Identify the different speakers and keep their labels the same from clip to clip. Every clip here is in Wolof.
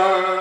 Speaker 1: Uh...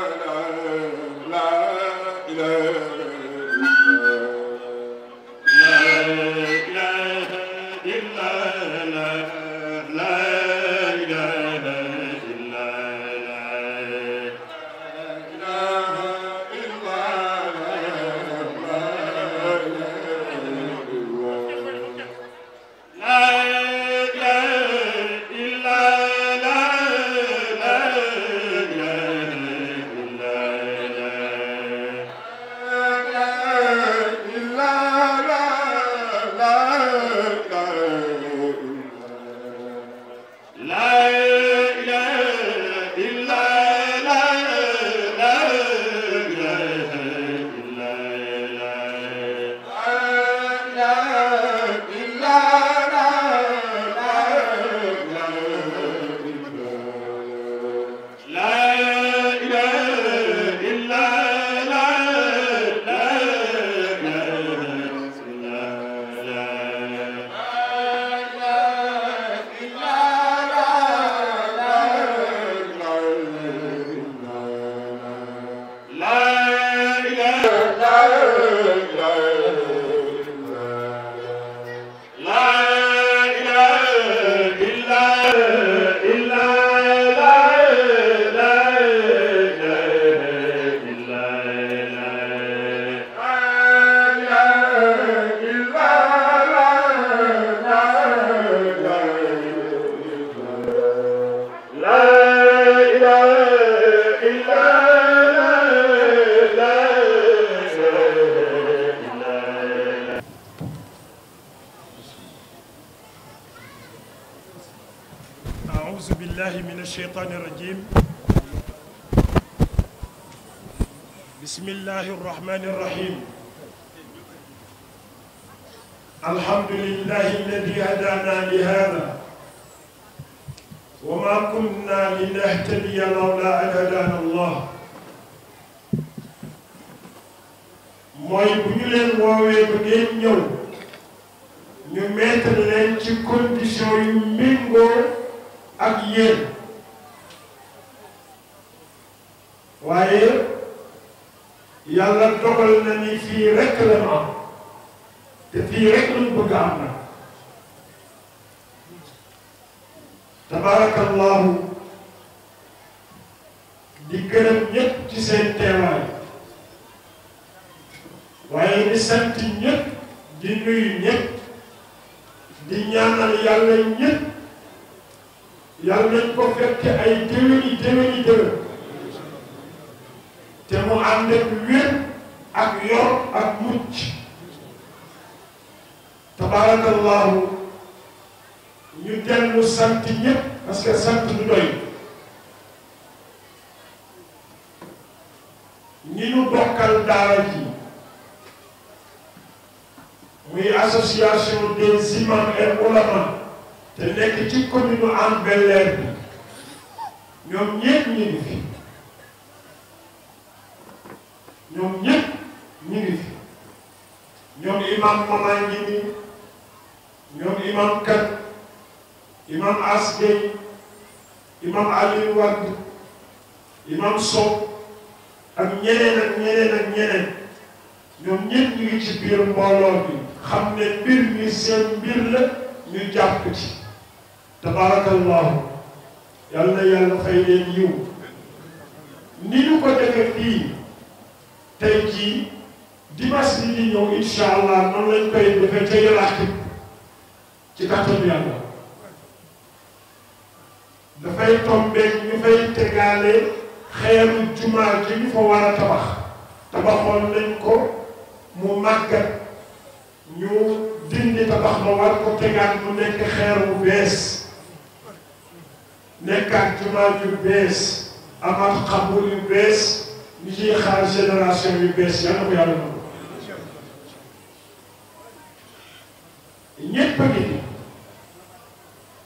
Speaker 1: أعوذ بالله من الشيطان الرجيم بسم الله الرحمن الرحيم الحمد لله الذي هدانا لهذا وما كنا لنهتدي لولا أن هدانا الله mooy bu ñu leen woowee bu ngeen ñëw ñu mettre leen ak yéen waaye yàlla dogal na ni fii rekk la ma te fii rekk luñ tabarakallahu di gërëm ñëpp ci seen teewaay waaye di sant ñëpp di nuyu di ñaanal yàlla ñëpp yàlla nañ ko fekke ay déwéni déwéni déwén te mu ànd ak wér ak yor ak mucc tabarakallahu ñu dellu sant ñëpp parce que sant du doy ñi ñu bokkal daara ji association des imams et te nekk ci commune Hann Bel-Air bi ñoom ñëpp ñu ngi fi ñoom ñëpp ñu ngi fi ñoom imam mama ngi nii ñoom imam kat imam as imam ali Wade imam Sow ak ñeneen ak ñeneen ak ñeneen ñoom ñëpp ñu ngi ci biir mbooloo bi xam ne mbir mi seen mbir la ñu jàpp ci تبارك الله يلا يلا خير اليوم نيلو كو تيغي تي تيجي ديماس ني نيو ان شاء الله نون لا نكاي ديفا تي يلاك تي كاتو يالا دا فاي تومبي ني فاي تيغالي خير الجمعه كي ني فو وارا تبخ تبخون نانكو مو ماك نيو ديندي تبخ ما وار كو تيغان مو نيك خير بيس nekkaat jumaa ju bees amaat xabul yu bees li ciy xaar génération yu bees yàlla ko yàlla noonu ñépp ngi ni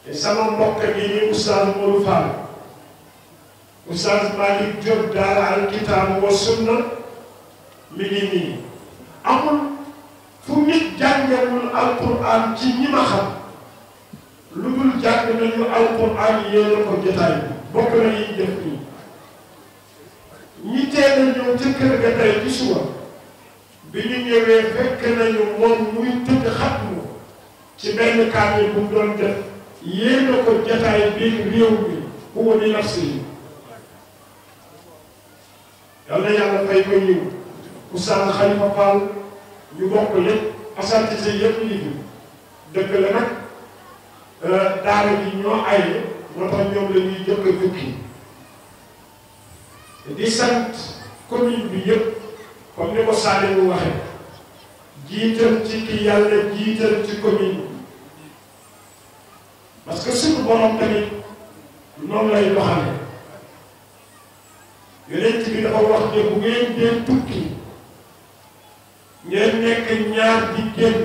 Speaker 1: te sama mbokk gi ni oustaz Modou Fall oustaz Malick Diop daara al kitaab wa sunna mi ngi nii amul fu nit jàngalul alquran ci ñi ma xam jàng nañu alquran yéena ko jotaay bokk na yi nii ñi teel a ci kër ga ci suba bi ñu ñëwee fekk nañu moom muy tëdd xatmu ci benn kaamil bu doon def yéena ko jotaay biir réew mi huwa li nafsihi yàlla yàlla fay ko yiw Oustaz Khalifa Fall ñu bokk lépp asantise yépp yi dëgg la nag Euh, daara ji ñoo ay moo tax ñoom la ñuy jëkk a tukki di sant commune bi yëpp comme ni ko Saliou waxee jiital ci ki yàlla jiital ci commune parce que suñu borom tamit noonu lay doxale yonent bi dafa wax ne bu ngeen dee tukki ngeen nekk ñaar di génn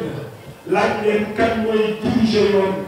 Speaker 1: laaj leen kan mooy diriger yoon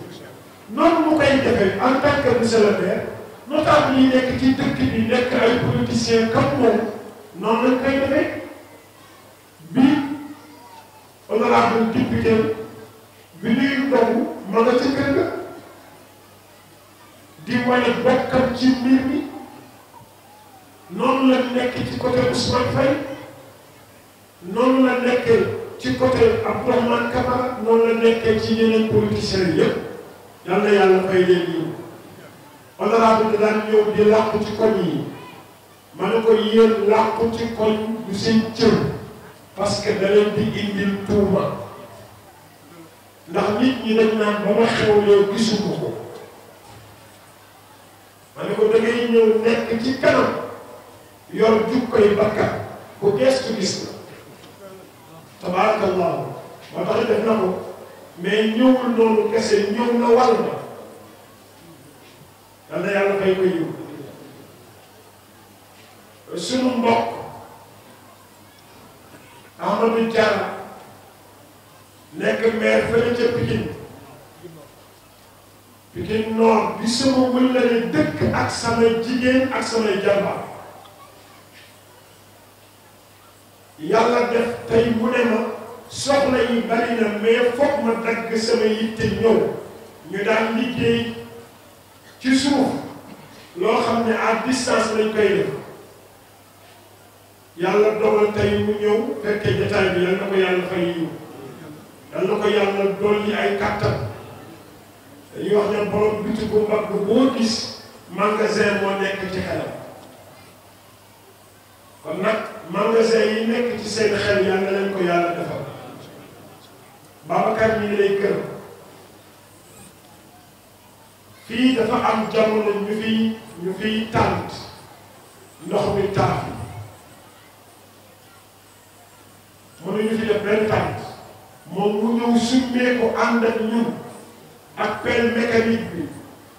Speaker 1: noonu mu koy defee en tant que monsieur le maire notable nekk ci dëkk bi nekk ay politiciens comme moom noonu lañ koy defee bi honorable député bi nuyu doomu ma nga ca kër ga di wane bokkam ci mbir mi noonu la nekk ci côté Ousmane Faye noonu la nekkee ci côté Abdourahmane Camara noonu la nekkee ci yeneen politiciens yëpp yal na yàlla fay leen yiw honorable daan ñëw di làqu ci koñ yi ma ko yéen làqu ci koñ du seen cër parce que da leen di indil tuuma ndax nit ñi dañ ba ma xewlee gisuma ko ma ko da ngay ñëw nekk ci kanam yor jukkoy bakkat bu gestu gis la tabaarakallahu moo tax def na ko mais ñëwul noonu kese ñëw na wàll ma dal na yàlla fay ko yiw sunu mbokk Amadou Diarra nekk maire fële ca Pikine Pikine Nord bi sama wëllëre dëkk ak samay jigéen ak samay jàmbaar soxla yi bari na mais foog ma dagg sama yitte ñëw ñu daan liggéey ci suuf loo xam ne à distance lañ koy def yàlla dogal tey mu ñëw fekke jotaay bi yal ko yàlla fay yiw ay kàttan dañuy wax ne borom bitu bu mag boo gis magasin moo nekk ci xelam kon nag magasin yi nekk ci seen xel yàlla leen ko yàlla Babacar ñu ngi lay gërëm fii dafa am jamono ñu fi ñu fiy tànt ndox mi taaf mënuñu fi def benn tànt moom mu ñëw summee ko ànd ak ñun ak pelle mécanique bi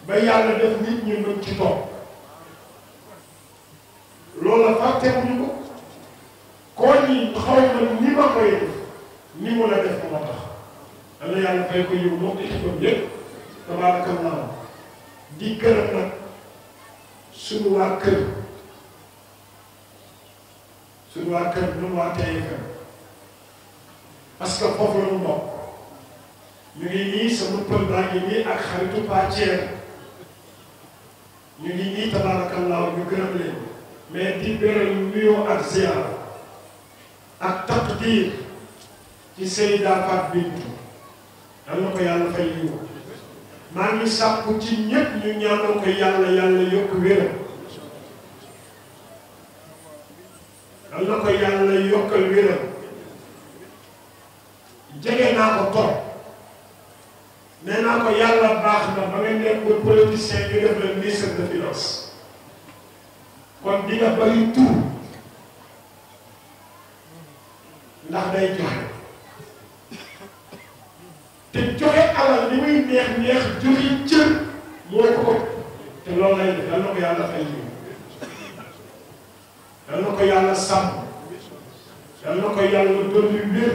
Speaker 1: ba yàlla def nit ñu mën ci toog loolu la fàttewuñu ko koo ñi xaw ma ni ma koy def ni mu la def moo tax dana yàlla fay ko yiw moom équipe am yëpp tabaarakallaa di gërëm nag suñu waa kër suñu kër ñun waa Taïba parce que foofu la ñu bokk ñu ngi nii sama pël baa ngi nii ak xaritu Paa Thiel ñu ngi nii tabaarakallaa ñu gërëm leen mais di gërëm nuyoo ak ziar ak takdiir ci Seyda Fatou Bintou dal na ko yàlla fay yiw maa ngi sàkku ci ñépp ñu ñaanal ko yàlla yàlla yokk wéram dal na ko yàlla yokkal wéram jege naa ko trop nee naa ko yàlla baax na ba nga nekk ba politicien bi def la ministre de finance kon di nga ndax day joxe te joxe alal li muy neex neex joxe cër moo ko te loolu lay dal na ko yàlla fay yiw dal na ko yàlla sàmm dal na ko yàlla dolli wér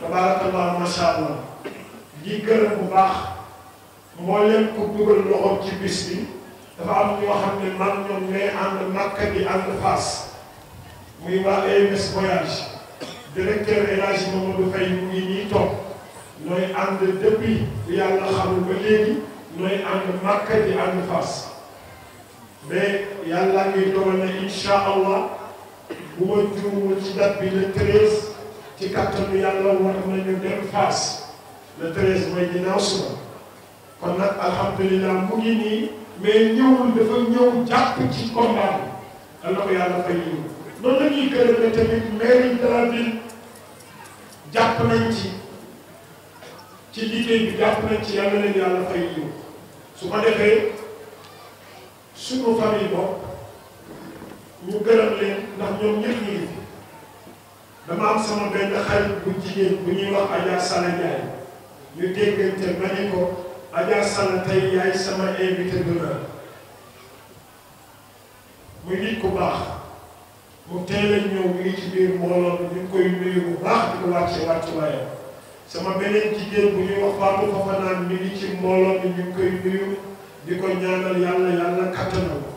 Speaker 1: tabaarakallah macha allah ñi gërëm bu baax moo leen ko dugal loxoom ci bis bi dafa am ñoo xam ne man ñoom ñooy ànd màkka bi ànd faas muy waa AMS voyage directeur El Hadj Mamadou Faye mu ngi nii toog nooy ànd depuis bi yàlla xamul ba léegi nooy ànd màkk di ànd fas mais yàlla ngi dogal na incha allah bu ma juumul ci date bi le treize ci kattanu yàlla war nañu dem fas le treize mooy ginnaaw suba kon nag alhamdulilah mu ngi nii mais ñëwul dafa ñëw jàpp ci combat bi dana ko yàlla fay yiw noonu la ñuy gërëme tamit mairie de la ville jàpp nañ ci ci liggéey bi jàpp nañ ci yàlla leen yàlla fay yiw su ko defee suñu famille bopp ñu gërëm leen ndax ñoom ñëpp ñu dama am sama benn xarit bu jigéen bu ñuy wax Adja Sala Ndiaye ñu déggante ma ne ko Adja Sala tey yaay sama invité d'honneur muy nit ku baax mu teel a ñëw mu biir mbooloo ñu koy nuyu bu baax di ko wàcce wàcce waayam sama beneen jigéen bu ñuy wax Fatou Fafanaan mi ngi ci mbooloo mi ñu ngi koy ko ñaanal yàlla yàlla kattanal ko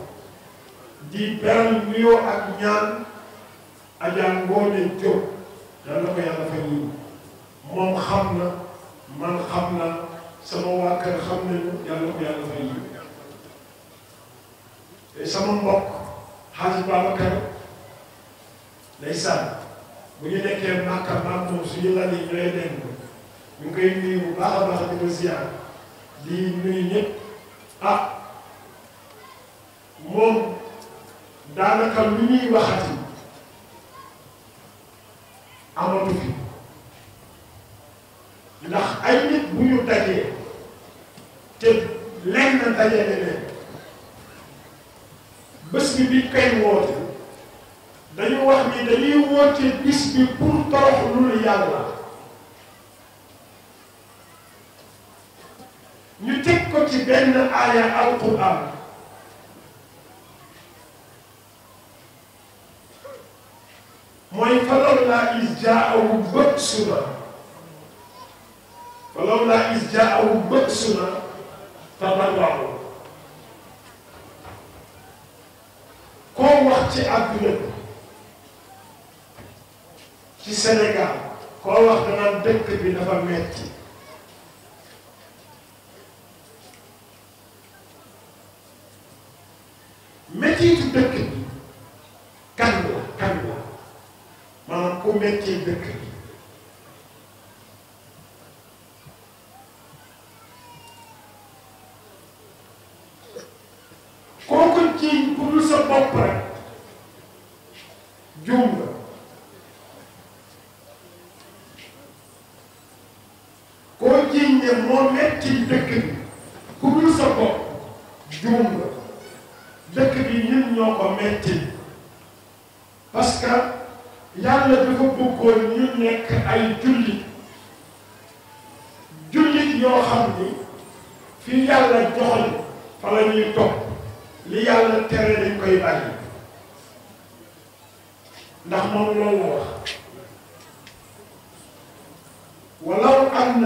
Speaker 1: di beral nuyoo ak ñaan Adja Ngoone Diop yàlla ko yàlla moom xam na man xam na sama waa kër xam nañu yàlla ko yàlla fay nuyu te sama mbokk Hadj Babacar ndeysaan bu ñu nekkee Màkka maam moom suñu lal yi ñooy dem ñu ngi nuyu bu baax a baax di ko ziar di nuyu ñëpp ah moom daanaka lu ñuy waxati amatu fi ndax ay nit bu ñu dajee te lenn dajee leneen bés bi biñ koy woote dañu wax ni dañuy woote bis bi pour torox lu yàlla. ci benn aaya alquran mooy falawlaa is jaa'ahum ba'sunaa falawlaa is jaa'ahum ba'sunaa tabarra'uu koo wax ci àdduna ci Sénégal koo wax danaan dëkk bi dafa metti métitu dëkk bi kan la kan la maanaam ku métier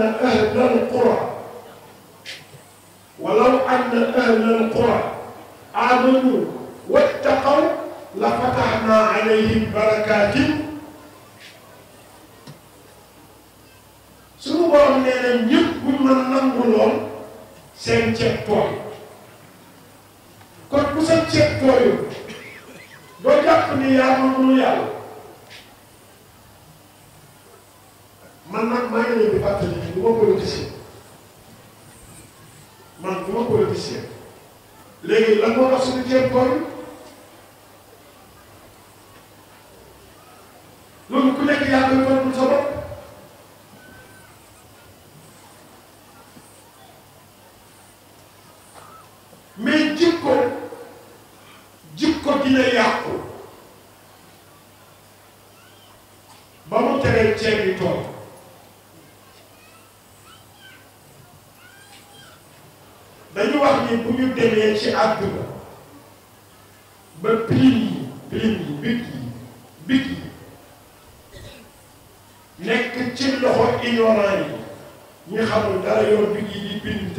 Speaker 1: أن أهل القرى ولو أن أهل القرى آمنوا واتقوا لفتحنا عليهم بركات suñu borom nee na ñëpp buñ mën nangu lool seen ceeb kon ku sa ceeb tooyul doo jàpp ni yaa ma mënu yàlla man nag maa ngi leen di fàttali du ma politicien man du ma politicien léegi lan moo tax suñu ceeb koy loolu ku nekk yaa koy tontu sa bopp mais jikko jikko dina yàqu ba mu teree ceeb yi tool ne bu ñu demee ci àdduna ba prix yi prix yi bic yi bic yi nekk ci loxo ignorant yi ñu xamul dara yoon bic yi di bind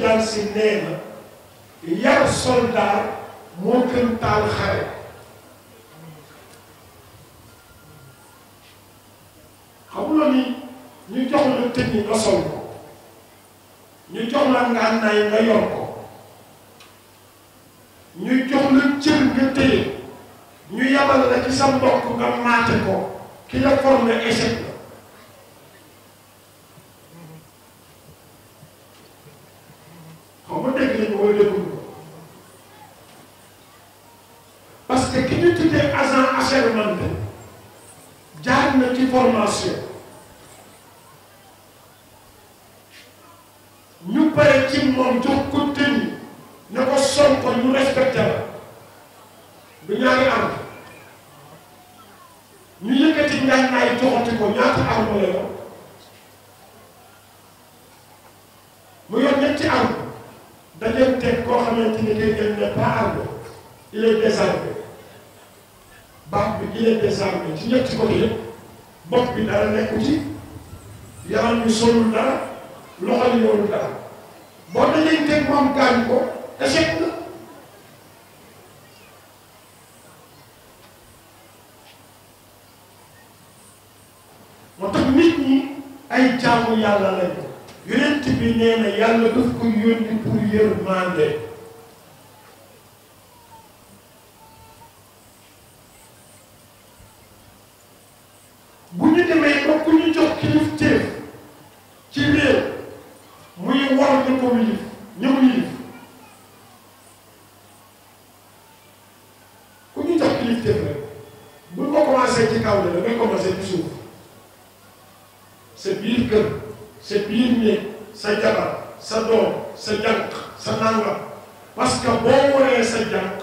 Speaker 1: Tijaan si nee na yar soldaar moo gën taal xare xamuloo ni ñu jox la tëj nga sol ko ñu jox la ngànnaay nga yor ko ñu jox la cër nga téye ñu yabal la ci sa mbokk nga maate ko ki la formé échec mooy déglu
Speaker 2: parce que ki ñu tuddee agent
Speaker 1: assermenté jaar na ci formation ñu pare ci moom jox ko tënk ne ko Sonko ñu respecté la du ñaari arme ñu yëkkati ñaar naay joxati ko ñaata arme la leen teg koo xamante ni que elle n'est pas armé il baax bi il est désarmé ci ñetti côté yëpp bi dara nekku ci yaram bi solul dara loxo yi yorul dara boo teg mu am ko échec la. moo tax nit ñi ay jaamu yàlla lañu. yonent bi nee na yàlla daf ko yónni pour yërmande bu ñu demee ba ku ñu jox kilifteef ci réew muy war ñu ko yilif ñëw yilif ku ñu jox kilifteef bu ñu ko commencé ci kaw la dangay commencé ci suuf sa sa biir néeg sa jabar sa doom sa jànq sa nangam parce que boo wooyee sa jànq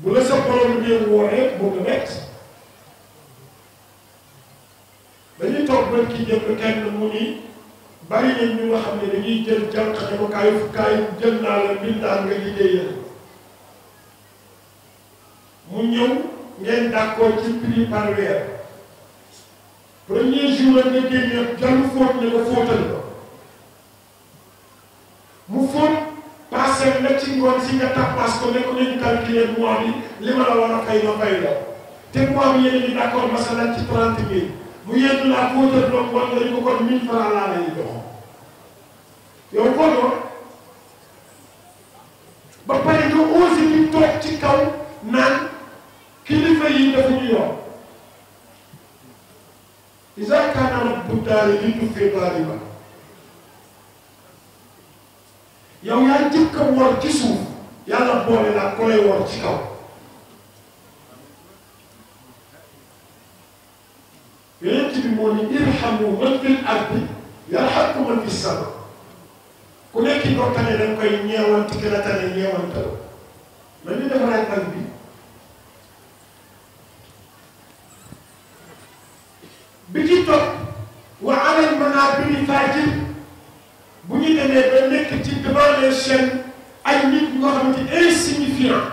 Speaker 1: bu la sa borom bi wooyee mu nga bett dañuy toog ba ki jëm kenn mu ni bari na ñu nga xam ne dañuy jël jànq ne ko kaayu jël naa la mbindaan nga liggéeyal mu ñëw ngeen d'accord ci prix par weer premier jour ak nga génne jàll fóot ne ko fóotal ko mu fóot paaseel na ci ngoon si nga tappaas ko ne ko nañu calculer mois bi li ma la war a fay ma fay la te mois bi yéen a ngi d'accord ci trente mille mu yéen laa fóotal donc war nañu ko kon mille francs laa lay jox yow ko kanam bu taari li ñu fi baari ba yow yaa njëkk a wor ci suuf yàlla boole la ko lay wor ci kaw yonent bi moo ni irhamu man fil ardi yarhamkum man fis sama ku nekk doo tane dañ koy ñeewante ki tane ñeewante la man ñu defaraat ak bi bi ci topp wa bi manabiri fajir bu ñu demee ba nekk ci devant les chaînes ay nit ñoo xamante insignifiant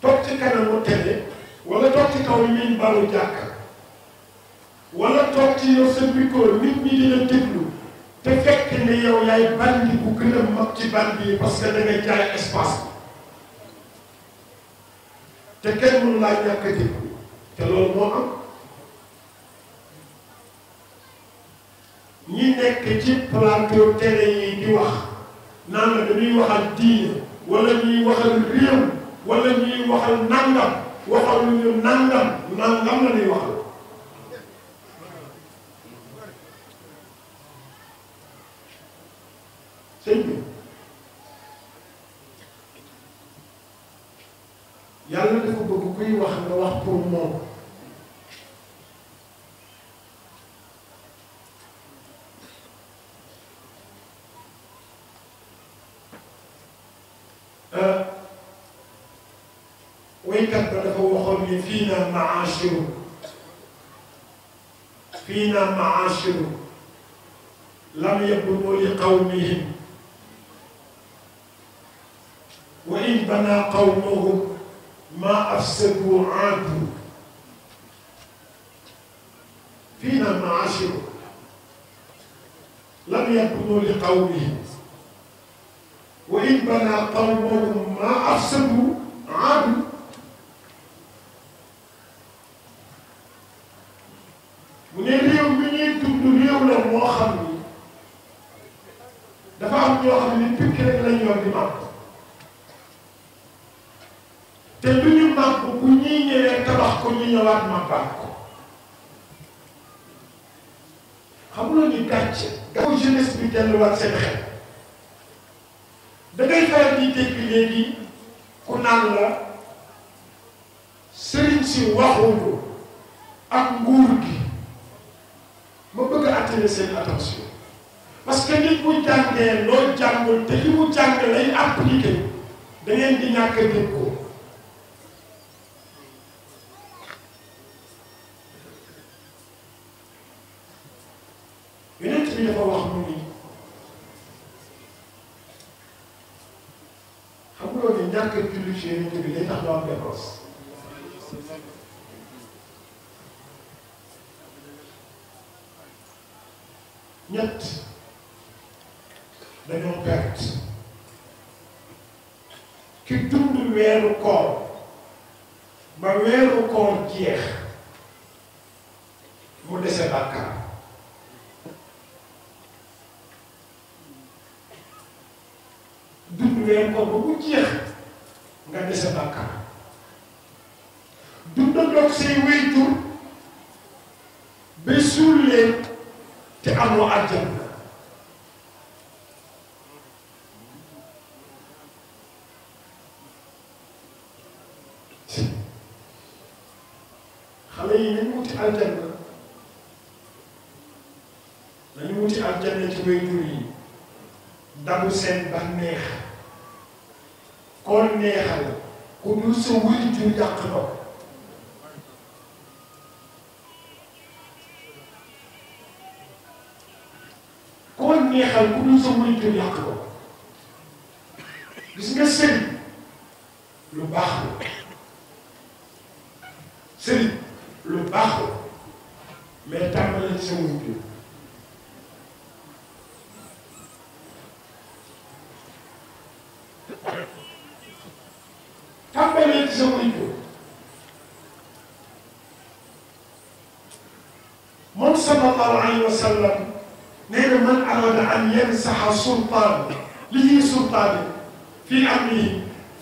Speaker 1: toog ci kanamu télé wala toog ci kaw miin balu jàkka wala toog ci yow sa micro nit ñi dina déglu te fekk ne yow yaay bandi bu gën a mag ci bandi yi parce que da ngay jaay te kenn mënu laa ñàkk jikko te loolu moo am ñi nekk ci plateau télé yi di wax naan la dañuy waxal diine wala ñuy waxal réew wala ñuy waxal nangam waxal ñu nangam nangam la ñuy waxal yàlla dafa bëgg kuy wax nga wax pour moom waykat ba dafa waxoon ni fii naa maashiru fii naa maashiru lam yabnu li qawmihim wa in bana qawmuhum ما أفسدوا عادوا فينا معاشر لم يكنوا لقومهم وإن بنى قومهم ما أفسدوا عادوا xoolaat ma baax ko xamuloo ni gàcce gàcce jeunesse bi delluwaat seen xel da ngay faral di dégg léegi ku naan la sëriñ si waxuñu ak nguur gi ma bëgg a attirer seen attention parce que nit mu jàngee loo jàngul te li mu jàng lay appliqué da di ñàkk dégg ko. John Bepos. ñett dañoo perte ki dund weeru koor ba weeru koor jeex mu dese bàkkaar dund weeru ba mu jeex nga dese bàkkaar amoo àjjana xale yi nañu wuti àjjana nañu wuti àjjana ci waajur yi dabu seen bànneex kon neexal ku dul sa waajur yàq na sa muritam yàq ko gis nga sëriñ lu baax la sëriñ lu baax la mais tàmbali sa muritam tàmbalee ci sa muritam moom sallallahu alayhi wa man arada an yansaxa sultaan li ñuy sultaani fii amrihi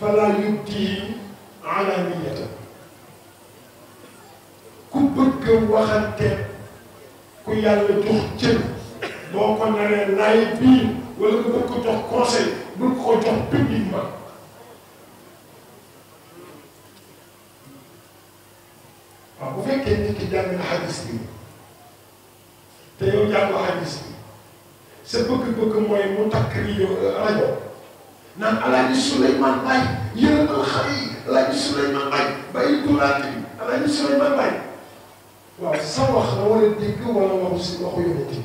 Speaker 1: fala yubdihi alaniyatan ku bëgg waxante ku yàlla jox cër boo ko naree laay bii wala nga bëgg ko jox conseil bul ko jox publiquement waaw bu fekkee nit ki jàng na xadis bi te yow jàngu xadis bi sa bëgg mooy mu takk euh, rajo naan alaaji Souleymane Baye yéen alxar yi alaaji Souleymane Baye bàyyi Quraan bi alaaji Souleymane Baye waaw sa wax la war a wala waxu si waxu yonent bi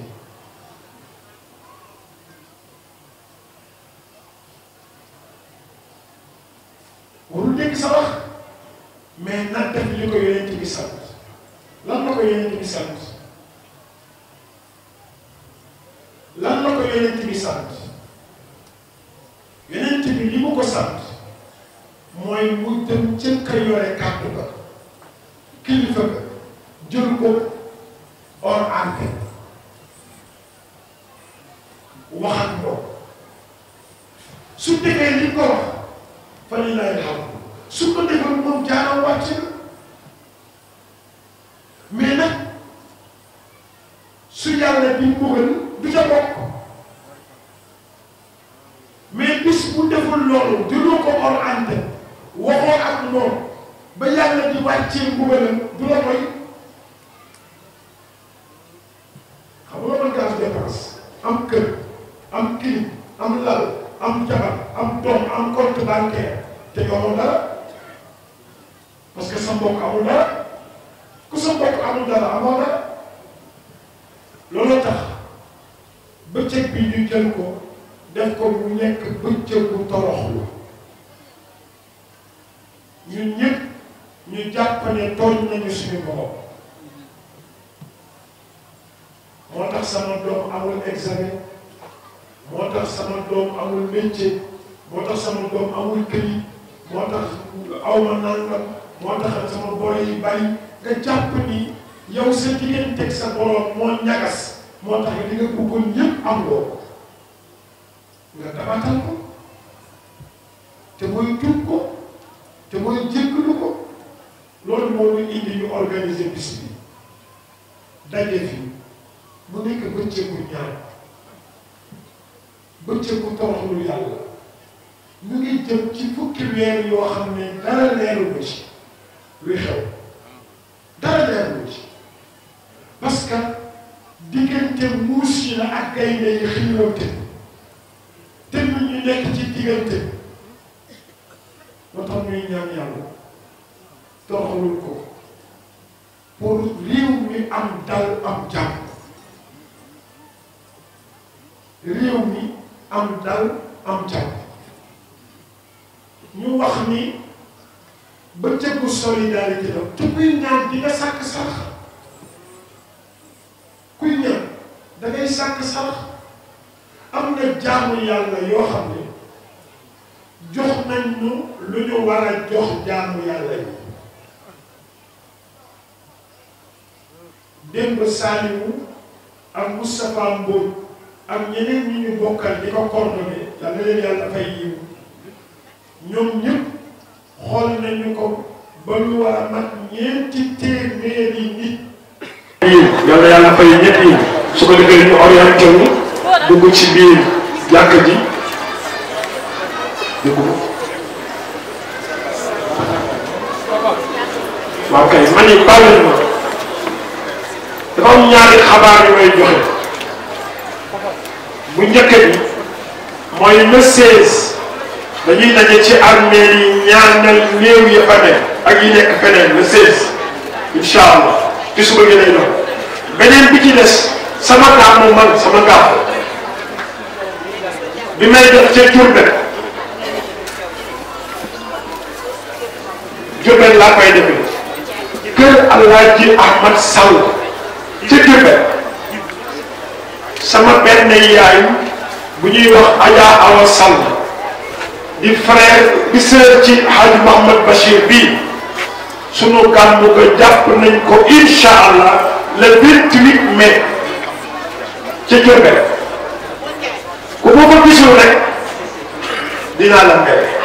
Speaker 1: warul dégg sa wax mais na def li ko yonent bi sant lan la ko yonent bi sant ko yonent sant yonent bi li mu ko sant mooy mu dem ca ka yore ba kilifa ba jël ko hors antenne wax ak moom su déggee li ko wax fa li lay xam su ko defal moom jaaroo wàcc na mais nag su yàlla bi mbugal du ca bokk lọ́rùn yitte moo tax sama doom amul këyit moo tax aw ma nangam moo tax sama boole yi bari nga jàpp ni yow sa digganteeg sa borom moo ñagas moo tax li nga bëggoon yëpp am loo nga dabatal ko te mooy tuub ko te mooy jéggalu ko loolu moo ñu indi ñu organiser bis bi daje fi mu nekk bëccëgu ñaar. bëccëgu toroxlu yàlla ñu ngi jëm ci fukki weer yoo xam ne dara leeru ko ci luy xew dara leeru ko ci parce que diggante muus yi la ak gaynde yi xiiroonte te ñu ñu nekk ci diggante moo tax muy ñaan yàlla toroxlul ko pour réew mi am dal am jàmm réew mi am dal am jàmm ñu wax ni ba tegu solidarité la te kuy ñaan di nga sàkk sarax kuy ñaan da sàkk sarax am na jaamu yàlla yoo xam ne jox nañ ñu lu ñu war a jox jaamu yàlla yi démb Saliou ak Moustapha Mbow ak ñeneen ñi ñu bokkal di ko coordonné yal na leen ñoom ñëpp xool nañu ko ba lu waa mat ñeenti téeméeri nit. yàlla yàlla fay ñëpp yi su ko defee ñu orienté wu dugg ci biir jàkk ji dugg waaw kay man yi bàyyi ma dafa am ñaari xabaar yu joxe. bu njëkk bi mooy le dañuy daje ci armée yi ñaanal néew ya fa nekk ak yi nekk feneen le 16 ci suba gi lay doon beneen bi ci des sama gàmmu man sama gàmmu bi may def ca Diourbel
Speaker 2: Diourbel laa koy
Speaker 1: defee kër Alaaji Ahmad Sall ca Diourbel sama benn yaay bu ñuy wax Adja Awa Sall di frère di sœur ci Hadj Mouhamad Bachir bii sunu gàmmu jàpp nañ ko incha allah le 28 mai ca Diourbel ku ma ko rek dinaa la mere